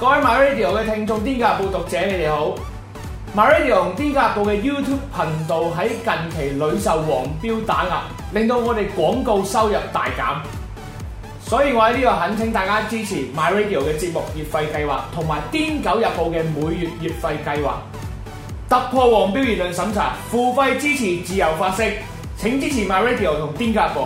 各位 My Radio 嘅聽眾，《癲狗報》讀者，你哋好！My Radio 同《癲狗報》嘅 YouTube 頻道喺近期屢受黃標打壓，令到我哋廣告收入大減。所以我喺呢度懇請大家支持 My Radio 嘅節目月費計劃，同埋《癲狗日報》嘅每月月月費計劃，突破黃標言論審查，付費支持自由發聲，請支持 My Radio 同《癲狗報》。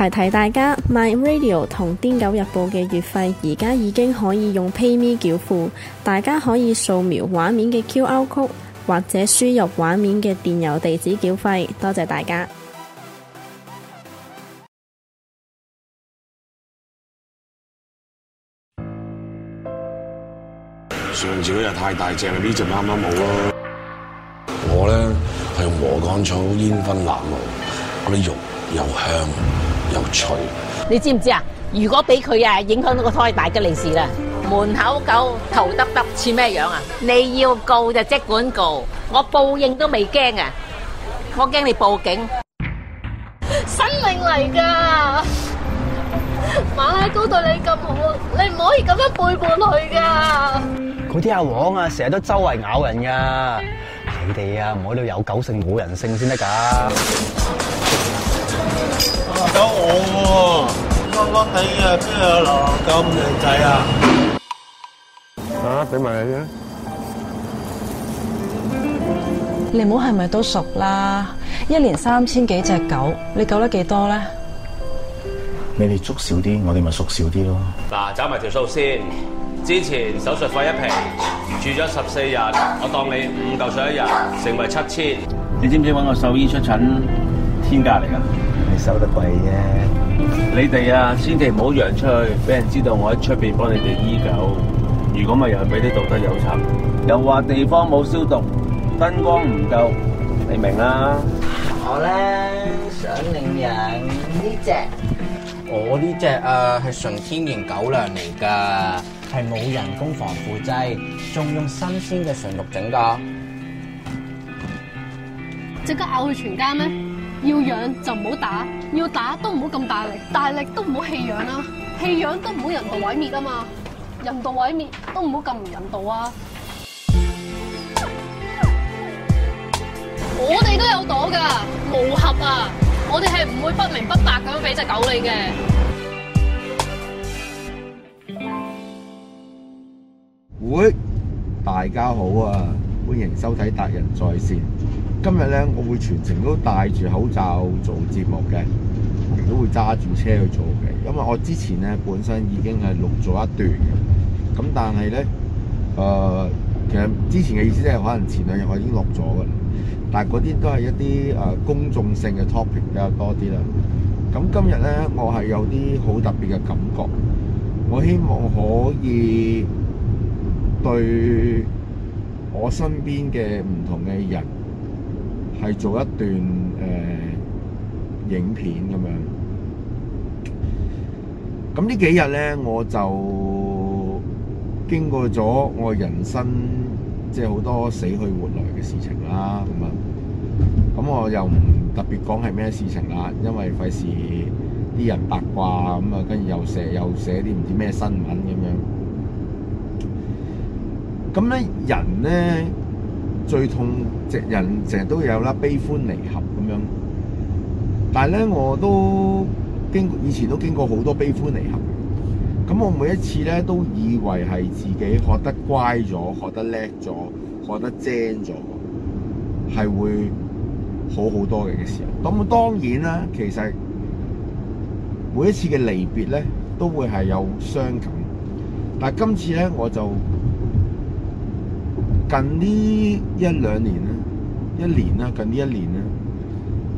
提提大家，My Radio 同《癲狗日報》嘅月費而家已經可以用 PayMe 繳付，大家可以掃描畫面嘅 QR Code 或者輸入畫面嘅電郵地址繳費。多謝大家。上次嗰隻太大隻，啊、呢隻啱啱冇咯。我咧係用禾稈草煙熏臘肉，嗰啲肉又香。有趣，你知唔知啊？如果俾佢啊影響到個胎，大吉利是啦。門口狗頭耷耷似咩樣啊？你要告就即管告，我報應都未驚啊！我驚你報警。生命嚟噶，馬拉高對你咁好，你唔可以咁樣背叛佢噶。嗰啲阿黃啊，成日都周圍咬人噶，你哋啊唔可以有狗性冇人性先得噶。有我喎，笠笠地啊，邊有流浪狗咁靚仔啊？啊，俾埋你啦。你唔好係咪都熟啦？一年三千幾隻狗，你救得幾多咧？你哋捉少啲，我哋咪熟少啲咯。嗱，找埋條數先。之前手術費一平，住咗十四日，我當你五嚿水一日，成為七千。你知唔知揾個獸醫出診天價嚟噶？收得貴啫，你哋啊，千祈唔好揚出去，俾人知道我喺出邊幫你哋醫狗。如果咪又係俾啲道德有仇，又話地方冇消毒，燈光唔夠，你明啦。我咧想領養呢隻，我呢隻啊係純天然狗糧嚟噶，係冇人工防腐劑，仲用新鮮嘅純肉整噶。即刻咬佢全家咩？要養就唔好打，要打都唔好咁大力，大力都唔好棄養啦，棄養都唔好人道毀滅啊嘛，人道毀滅都唔好咁唔人道啊。我哋都有朵㗎，無合啊，我哋係唔會不明不白咁樣俾隻狗你嘅。喂，大家好啊，歡迎收睇達仁在線。今日咧，我會全程都戴住口罩做節目嘅，亦都會揸住車去做嘅。因為我之前咧本身已經係錄咗一段嘅，咁但係咧，誒，其實之前嘅意思即係可能前兩日我已經錄咗㗎啦，但係嗰啲都係一啲誒公眾性嘅 topic 比較多啲啦。咁今日咧，我係有啲好特別嘅感覺，我希望可以對我身邊嘅唔同嘅人。係做一段誒影片咁樣。咁呢幾日咧，我就經過咗我人生即係好多死去活來嘅事情啦。咁啊，咁我又唔特別講係咩事情啦，因為費事啲人八卦咁啊，跟住又寫又寫啲唔知咩新聞咁樣。咁咧，人咧。最痛嘅人成日都有啦，悲歡離合咁樣。但係咧，我都經以前都經過好多悲歡離合。咁我每一次咧都以為係自己學得乖咗、學得叻咗、學得精咗，係會好好多嘅嘅時候。咁當然啦，其實每一次嘅離別咧，都會係有傷感。但係今次咧，我就。近呢一兩年咧，一年啦，近呢一年咧，誒、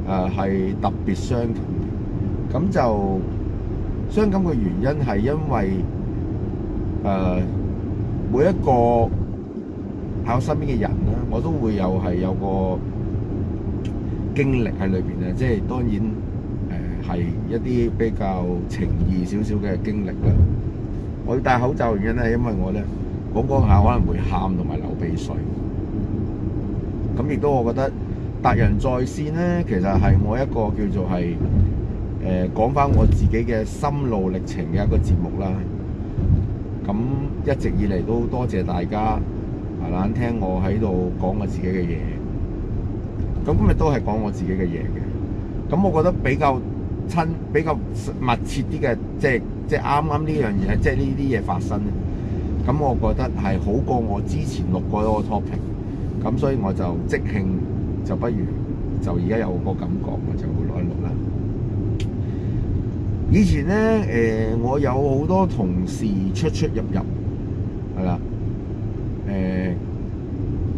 呃、係特別傷感嘅。咁就傷感嘅原因係因為誒、呃、每一個喺我身邊嘅人啦，我都會有係有個經歷喺裏邊啊。即係當然誒係、呃、一啲比較情意少少嘅經歷啦。我要戴口罩原因咧，係因為我咧。講講下可能會喊同埋流鼻水，咁亦都我覺得達仁在線呢，其實係我一個叫做係誒、呃、講返我自己嘅心路歷程嘅一個節目啦。咁一直以嚟都多謝大家啊，懶聽我喺度講我自己嘅嘢，咁今日都係講我自己嘅嘢嘅。咁我覺得比較親比較密切啲嘅，即係即係啱啱呢樣嘢，即係呢啲嘢發生咁我覺得係好過我之前錄過一個 topic，咁所以我就即興就不如就而家有個感覺，我就會錄一錄啦。以前呢，誒、呃，我有好多同事出出入入，係啦，誒、呃，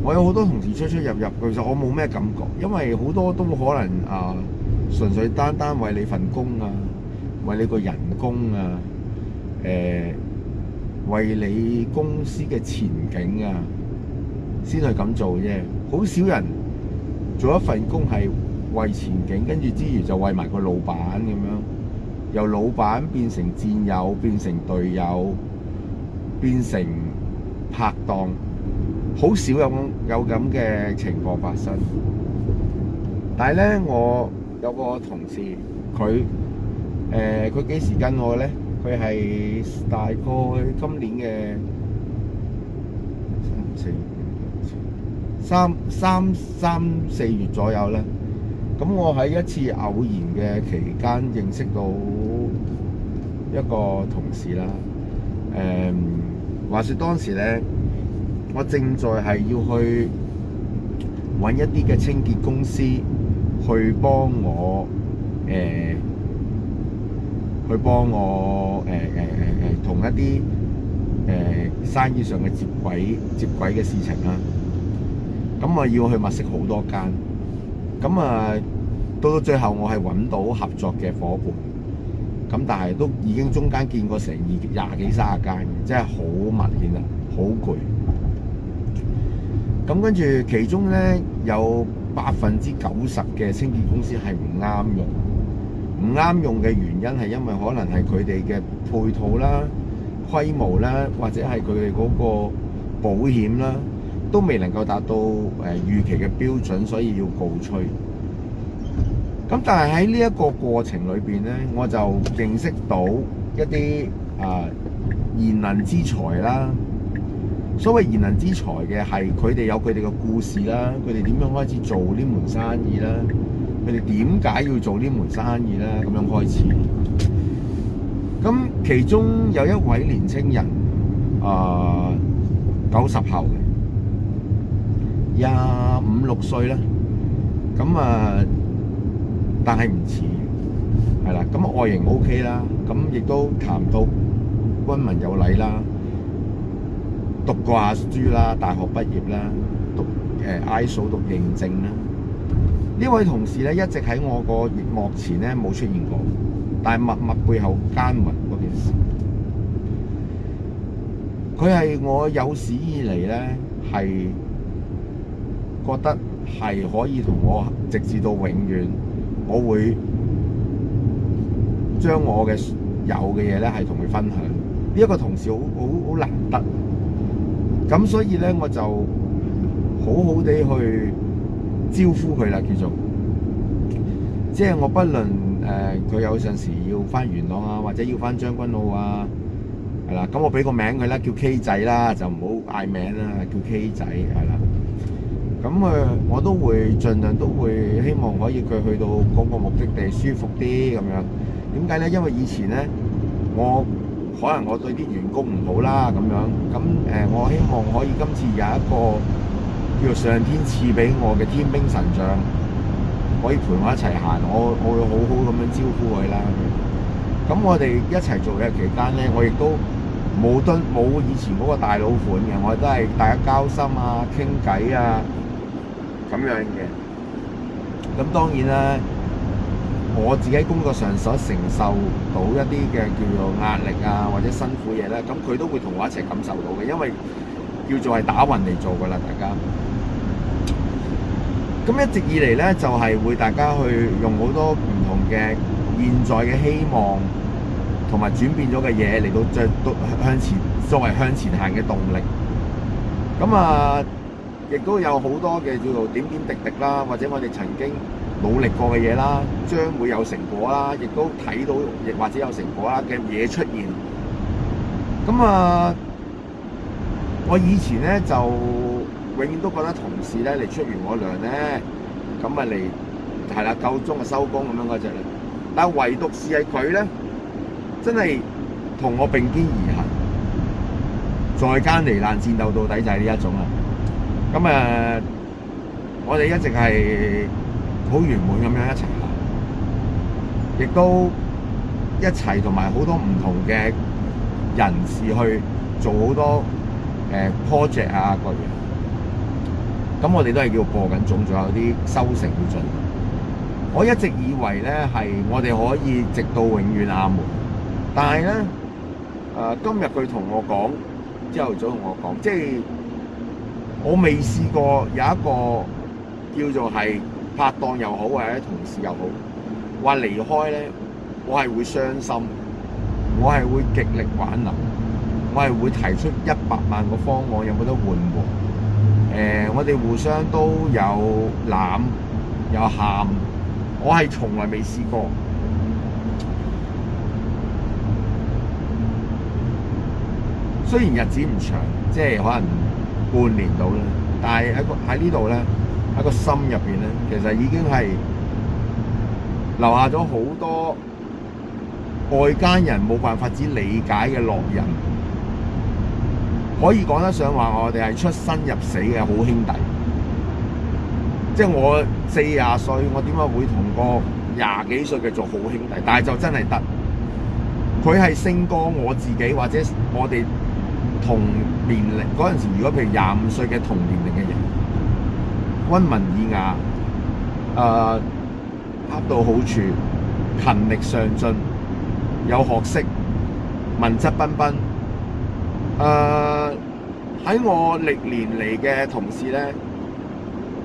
我有好多同事出出入入，其實我冇咩感覺，因為好多都可能啊、呃，純粹單單為你份工啊，為你個人工啊，誒、呃。為你公司嘅前景啊，先去咁做啫。好少人做一份工係為前景，跟住之餘就為埋個老闆咁樣，由老闆變成戰友，變成隊友，變成拍檔，好少有咁有咁嘅情況發生。但係呢，我有個同事，佢誒佢幾時跟我呢？佢係大概今年嘅三四三三三四月左右咧，咁我喺一次偶然嘅期間認識到一個同事啦。誒、嗯，話説當時咧，我正在係要去搵一啲嘅清潔公司去幫我誒。嗯去幫我誒誒誒誒同一啲誒、呃、生意上嘅接軌接軌嘅事情啦，咁啊要去物色好多間，咁啊到到最後我係揾到合作嘅伙伴，咁、啊、但係都已經中間見過成二廿幾三十間，真係好密見啦，好攰。咁、啊、跟住其中咧有百分之九十嘅清潔公司係唔啱用。唔啱用嘅原因係因為可能係佢哋嘅配套啦、規模啦，或者係佢哋嗰個保險啦，都未能夠達到誒預期嘅標準，所以要告吹。咁但係喺呢一個過程裏邊，咧，我就認識到一啲啊賢能之才啦。所謂賢能之才嘅係佢哋有佢哋嘅故事啦，佢哋點樣開始做呢門生意啦。佢哋點解要做呢門生意咧？咁樣開始。咁其中有一位年青人，啊、呃，九十後嘅，廿五六歲啦。咁啊、呃，但係唔遲，係啦。咁外形 O K 啦，咁亦都談到軍民有禮啦，讀過書啦，大學畢業啦，讀誒、呃、I S O 讀認證啦。呢位同事咧，一直喺我個幕前咧冇出現過，但係默默背後間諜嗰件事，佢係我有史以嚟咧係覺得係可以同我直至到永遠，我會將我嘅有嘅嘢咧係同佢分享。呢、這、一個同事好好好難得，咁所以咧我就好好地去。招呼佢啦，叫做，即係我，不論誒，佢有陣時要翻元朗啊，或者要翻將軍澳啊，係啦，咁我俾個名佢啦，叫 K 仔啦，就唔好嗌名啦，叫 K 仔係啦，咁誒，我都會盡量都會希望可以佢去到嗰個目的地舒服啲咁樣。點解咧？因為以前咧，我可能我對啲員工唔好啦咁樣，咁誒，我希望可以今次有一個。叫上天賜俾我嘅天兵神將，可以陪我一齊行，我我會好好咁樣招呼佢啦。咁我哋一齊做嘢期間咧，我亦都冇墩冇以前嗰個大佬款嘅，我亦都係大家交心啊、傾偈啊咁樣嘅。咁當然啦，我自己喺工作上所承受到一啲嘅叫做壓力啊，或者辛苦嘢咧，咁佢都會同我一齊感受到嘅，因為叫做係打混嚟做㗎啦，大家。咁一直以嚟咧，就係會大家去用好多唔同嘅現在嘅希望，同埋轉變咗嘅嘢嚟到著到向前，作為向前行嘅動力。咁啊，亦都有好多嘅叫做點點滴滴啦，或者我哋曾經努力過嘅嘢啦，將會有成果啦，亦都睇到亦或者有成果啦嘅嘢出現。咁啊，我以前咧就～永遠都覺得同事咧嚟出完我糧咧，咁咪嚟係啦，夠鐘就收工咁樣嗰隻啦。但係唯獨是係佢咧，真係同我並肩而行，再艱離難戰鬥到底就係呢一種啊！咁啊，我哋一直係好圓滿咁樣一齊行，亦都一齊同埋好多唔同嘅人士去做好多誒、呃、project 啊，各樣。咁我哋都係叫播緊種，仲有啲收成要盡。我一直以為咧係我哋可以直到永遠阿門，但係咧誒今日佢同我講，朝頭早同我講，即係我未試過有一個叫做係拍檔又好或者同事又好話離開咧，我係會傷心，我係會極力挽留，我係會提出一百萬個方案，有冇得換喎？誒、呃，我哋互相都有攬有喊，我係從來未試過。雖然日子唔長，即係可能半年到啦，但係喺個喺呢度咧，喺個心入邊咧，其實已經係留下咗好多外間人冇辦法之理解嘅烙印。可以講得上話，我哋係出生入死嘅好兄弟。即係我四十歲，我點解會同個廿幾歲嘅做好兄弟？但係就真係得佢係勝過我自己，或者我哋同年齡嗰陣時，如果譬如廿五歲嘅同年齡嘅人，温文爾雅，誒，恰到好處，勤力上進，有學識，文質彬彬。誒喺、uh, 我歷年嚟嘅同事呢，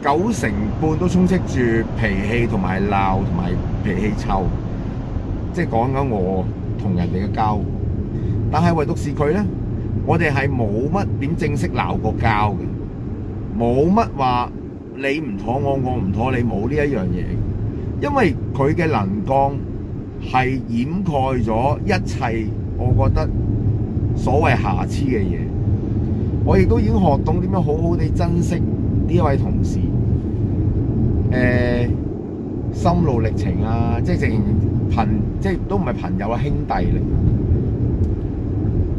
九成半都充斥住脾氣同埋鬧同埋脾氣臭，即係講緊我同人哋嘅交。但係唯獨是佢呢，我哋係冇乜點正式鬧過交嘅，冇乜話你唔妥我，我唔妥你，冇呢一樣嘢。因為佢嘅能幹係掩蓋咗一切，我覺得。所謂瑕疵嘅嘢，我亦都已經學懂點樣好好地珍惜呢一位同事。誒、呃，心路歷程啊，即係直情朋，即係都唔係朋友啊，兄弟嚟。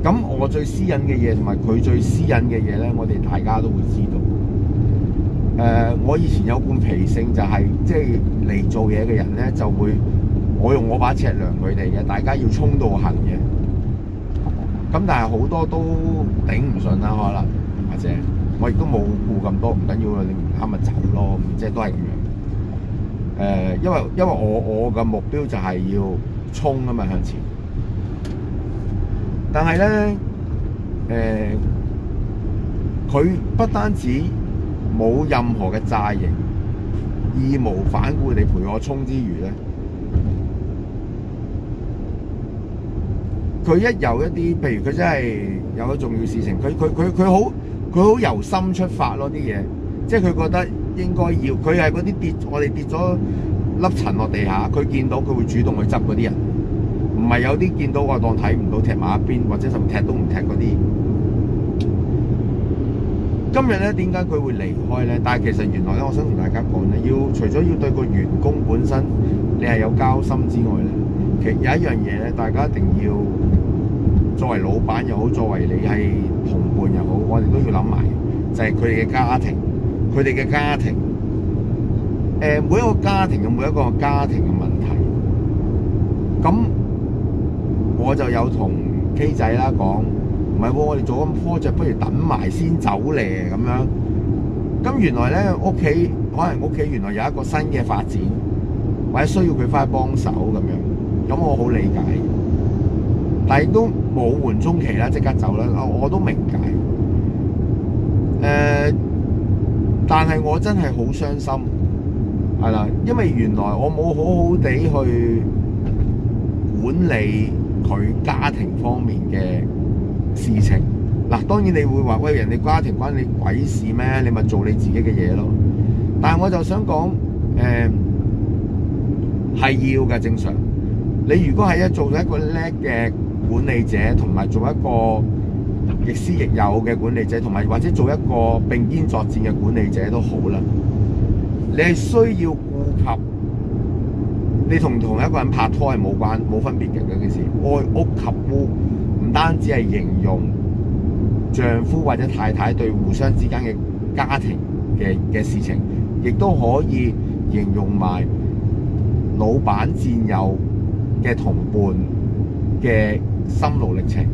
咁我最私隱嘅嘢同埋佢最私隱嘅嘢咧，我哋大家都會知道。誒、呃，我以前有段脾性就係、是，即係嚟做嘢嘅人咧就會，我用我把尺量佢哋嘅，大家要衝到行嘅。咁但係好多都頂唔順啦，可能阿姐，我亦都冇顧咁多，唔緊要啊，你唔啱咪走咯，即係都係咁樣。誒、呃，因為因為我我嘅目標就係要衝啊嘛向前，但係咧誒，佢、呃、不單止冇任何嘅債型，義無反顧地陪我衝之餘咧。佢一有一啲，譬如佢真係有咗重要事情，佢佢佢佢好，佢好由心出發咯啲嘢，即係佢覺得應該要，佢係嗰啲跌，我哋跌咗粒塵落地下，佢見到佢會主動去執嗰啲人，唔係有啲見到我當睇唔到，踢埋一邊或者甚至踢都唔踢嗰啲。今日呢點解佢會離開呢？但係其實原來呢，我想同大家講呢，要除咗要對個員工本身你係有交心之外呢。其有一樣嘢咧，大家一定要作為老闆又好，作為你係同伴又好，我哋都要諗埋，就係佢哋嘅家庭，佢哋嘅家庭，誒、呃、每一個家庭有每一個家庭嘅問題。咁我就有同 K 仔啦講，唔係喎，我、哦、哋做緊 project，不如等埋先走咧咁樣。咁原來咧屋企可能屋企原來有一個新嘅發展，或者需要佢翻去幫手咁樣。咁我好理解，但係都冇緩衝期啦，即刻走啦。我我都明解，誒，但係我真係好傷心，係啦，因為原來我冇好好地去管理佢家庭方面嘅事情。嗱，當然你會話喂，人哋家庭關你鬼事咩？你咪做你自己嘅嘢咯。但係我就想講，誒，係要㗎，正常。你如果係一做咗一個叻嘅管理者，同埋做一個亦師亦友嘅管理者，同埋或者做一個並肩作戰嘅管理者都好啦。你係需要顧及你同同一個人拍拖係冇關冇分別嘅嗰件事。愛屋及烏唔單止係形容丈夫或者太太對互相之間嘅家庭嘅嘅事情，亦都可以形容埋老闆戰友嘅同伴嘅心路歷程，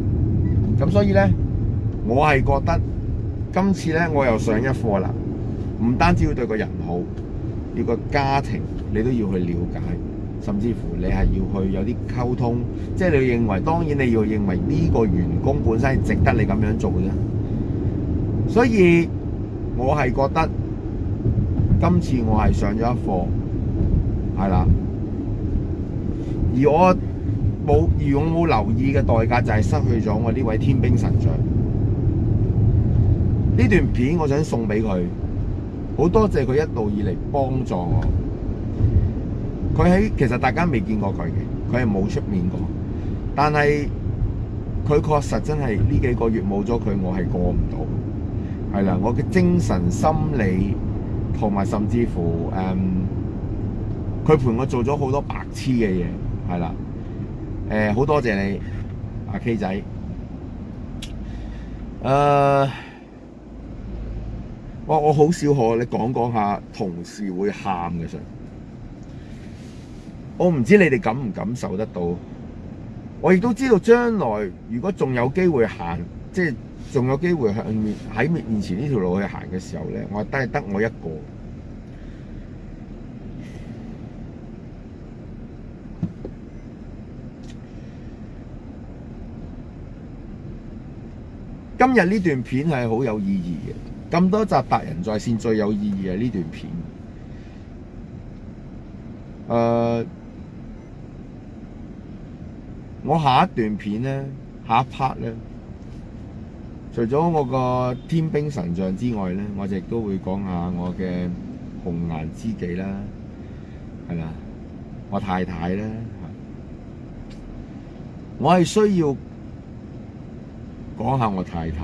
咁所以咧，我係覺得今次咧我又上一課啦。唔單止要對個人好，要個家庭你都要去了解，甚至乎你係要去有啲溝通。即係你認為，當然你要認為呢個員工本身係值得你咁樣做嘅啫。所以我係覺得今次我係上咗一課，係啦。而我冇，而我冇留意嘅代價就係失去咗我呢位天兵神將。呢段片我想送俾佢，好多謝佢一路以嚟幫助我。佢喺其實大家未見過佢嘅，佢係冇出面過，但係佢確實真係呢幾個月冇咗佢，我係過唔到。係啦，我嘅精神心理同埋甚至乎，嗯，佢陪我做咗好多白痴嘅嘢。係啦，誒好多謝你，阿 K 仔，誒，我我好少可你講講下，同事會喊嘅實，我唔知你哋感唔感受得到，我亦都知道將來如果仲有機會行，即係仲有機會向面喺面前呢條路去行嘅時候咧，我係得得我一個。今日呢段片係好有意義嘅，咁多集《達仁在線》最有意義嘅呢段片。誒，uh，我下一段片咧，下一 part 咧，除咗我個天兵神將之外咧，我亦都會講下我嘅紅顏知己啦，係啦，我太太咧，我係需要。講下我太太，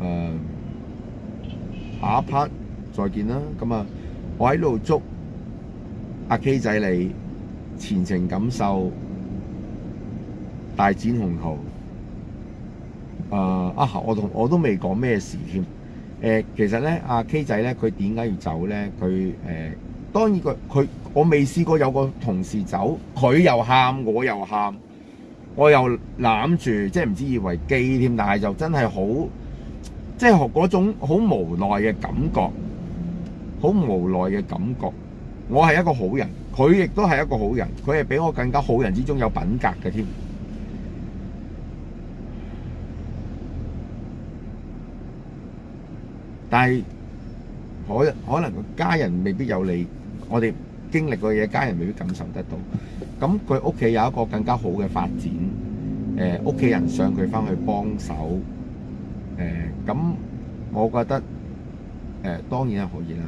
誒、呃、下一 part 再見啦。咁、呃、啊，我喺度祝阿 K 仔你前程錦繡，大展宏圖。誒啊！我同我都未講咩事添。誒、呃，其實咧，阿 K 仔咧，佢點解要走咧？佢誒、呃，當然佢佢，我未試過有個同事走，佢又喊，我又喊。我又攬住，即係唔知以為機添，但係就真係好，即係學嗰種好無奈嘅感覺，好無奈嘅感覺。我係一個好人，佢亦都係一個好人，佢係比我更加好人之中有品格嘅添。但係可可能家人未必有你，我哋經歷過嘅嘢，家人未必感受得到。咁佢屋企有一個更加好嘅發展，誒屋企人想佢翻去幫手，誒、呃、咁，我覺得誒、呃、當然係可以啦，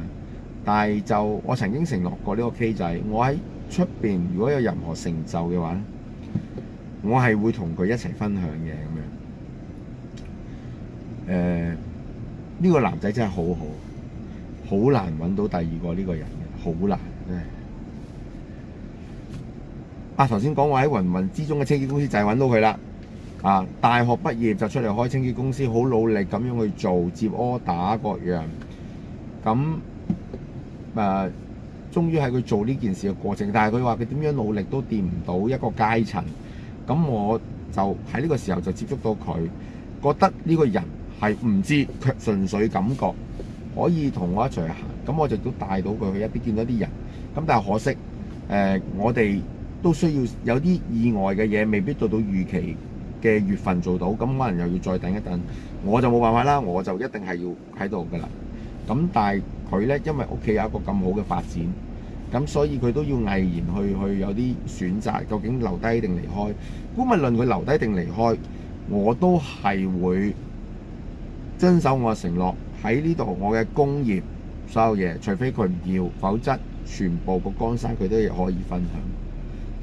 但係就我曾經承諾過呢個 K 仔，我喺出邊如果有任何成就嘅話咧，我係會同佢一齊分享嘅咁樣。誒、呃、呢、呢個男仔真係好好，好難揾到第二個呢個人嘅。好難真啊！頭先講我喺芸芸之中嘅清潔公司就係揾到佢啦、啊。大學畢業就出嚟開清潔公司，好努力咁樣去做接 order 各樣咁誒、啊。終於喺佢做呢件事嘅過程，但係佢話佢點樣努力都掂唔到一個階層。咁我就喺呢個時候就接觸到佢，覺得呢個人係唔知，純粹感覺可以同我一齊行。咁我就都帶到佢去一啲見到啲人。咁但係可惜、呃、我哋。都需要有啲意外嘅嘢，未必做到預期嘅月份做到，咁可能又要再等一等。我就冇辦法啦，我就一定係要喺度㗎啦。咁但係佢咧，因為屋企有一個咁好嘅發展，咁所以佢都要毅然去去有啲選擇，究竟留低定離開。姑勿論佢留低定離開，我都係會遵守我嘅承諾喺呢度。我嘅工業所有嘢，除非佢唔要，否則全部個江山佢都係可以分享。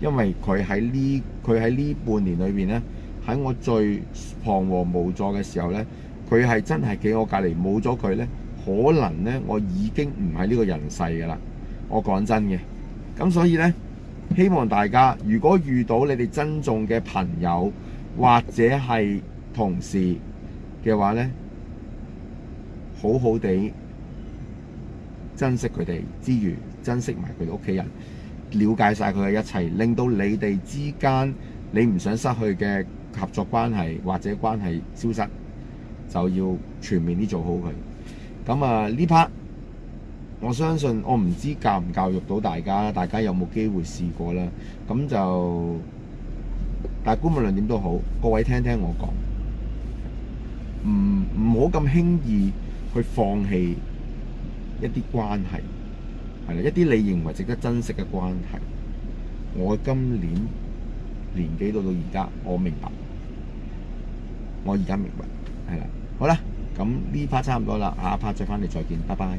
因為佢喺呢佢喺呢半年裏邊呢，喺我最彷徨無助嘅時候呢，佢係真係企我隔離。冇咗佢呢，可能呢，我已經唔係呢個人世噶啦。我講真嘅，咁所以呢，希望大家如果遇到你哋珍重嘅朋友或者係同事嘅話呢，好好地珍惜佢哋之餘，珍惜埋佢哋屋企人。了解晒佢嘅一切，令到你哋之間，你唔想失去嘅合作關係或者關係消失，就要全面啲做好佢。咁啊呢 part，我相信我唔知教唔教育到大家，大家有冇機會試過啦？咁就但係無論點都好，各位聽聽我講，唔唔好咁輕易去放棄一啲關係。一啲你認為值得珍惜嘅關係，我今年年紀到到而家，我明白，我而家明白，係啦，好啦，咁呢 part 差唔多啦，下 part 再翻嚟再見，拜拜。